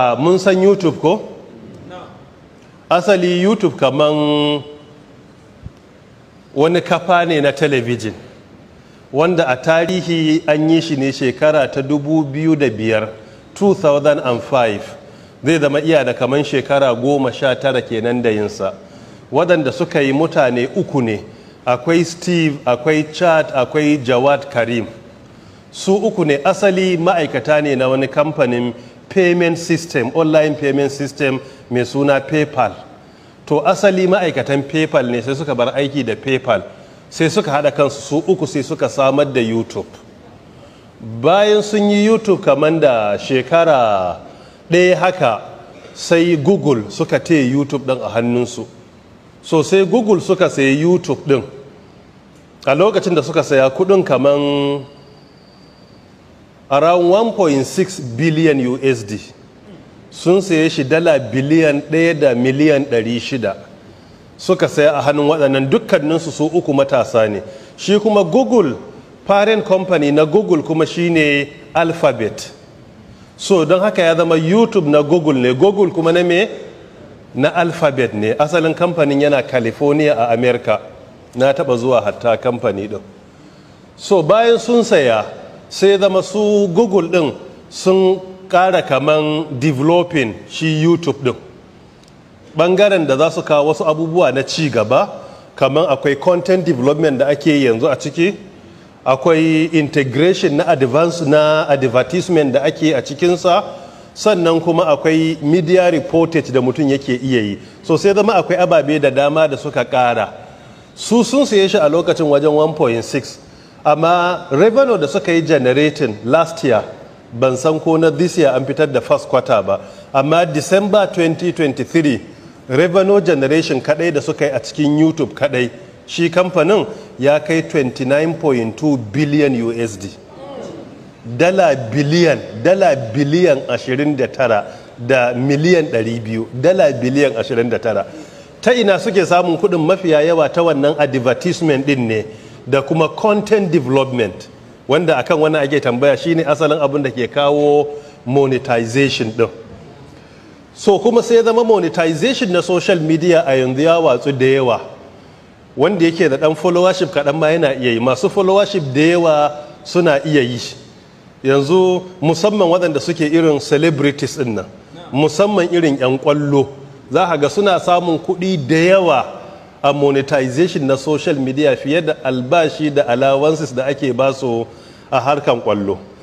a' ah, mun san youtube ko asali youtube kaman wani kafa ne na talabijin wanda a tarihi an yi shi ne shekara ta 2005 2005 zai zama iya da kaman shekara goma sha tara kenan da yinsa waɗanda suka yi mutane uku ne akwai steve akwai chad akwai jawad karim su uku ne asali ma'aikata ne na wani kamfanin payment system online payment system mai suna paypal to asali ma'aikatan paypal ne sai suka bar aiki da paypal sai suka haɗa kansu su uku sai suka samar da youtube bayan sun yi youtube kamar da shekara ɗaya haka sai google suka te youtube ɗin a hannunsu so sai google suka sayi youtube ɗin a lokacin da suka saya kudin kamar around 1.6 billion usd sun saye shi dala biliyan ɗaya da miliyan ɗari shida suka saya a hannun waɗannan dukkaninsu su uku matasa ne shi kuma google parent company na google kuma shine alphabet so don haka ya zama youtube na google ne google kuma na me na alphabet ne asalin kamfanin yana california a america na taba zuwa hatta kamfani ɗin. so bayan sun saya sai zama su google din sun kara kaman developing shi youtube din bangaren da za su kawo wasu abubuwa na ci gaba kaman akwai content development da ake yanzu a ciki akwai integration na advance na advertisement da ake a cikinsa sannan kuma akwai media reportage da mutum yake iya yi so sai zama akwai ababe da dama da suka kara su sun saye shi a lokacin wajen 1.6 amma revenue da suka yi generating last year ban san ko na this year an fitar da first quarter ba amma december 2023 revenue generation kadai da suka yi a cikin youtube kadai shi kamfanin ya kai 29.2 billion usd dala biliyan dala biliyan 29 da miliyan 200 dala biliyan 29 ta ina suke samun kudin mafiya yawa ta wannan advertisement din ne da kuma content development wanda akan wani ake tambaya shine asalin abin da ke kawo monetization din so kuma sai zama monetization na social media a yanzu ya watsu da yawa wanda yake da ɗan followership kaɗan ma yana iya yi masu followership da yawa suna iya yi yanzu musamman waɗanda suke irin celebrities ɗin nan musamman irin 'yan ƙwallo za ga suna samun kuɗi da yawa a monetization na social media fiye da albashi da allowances da ake basu a harkan kwallo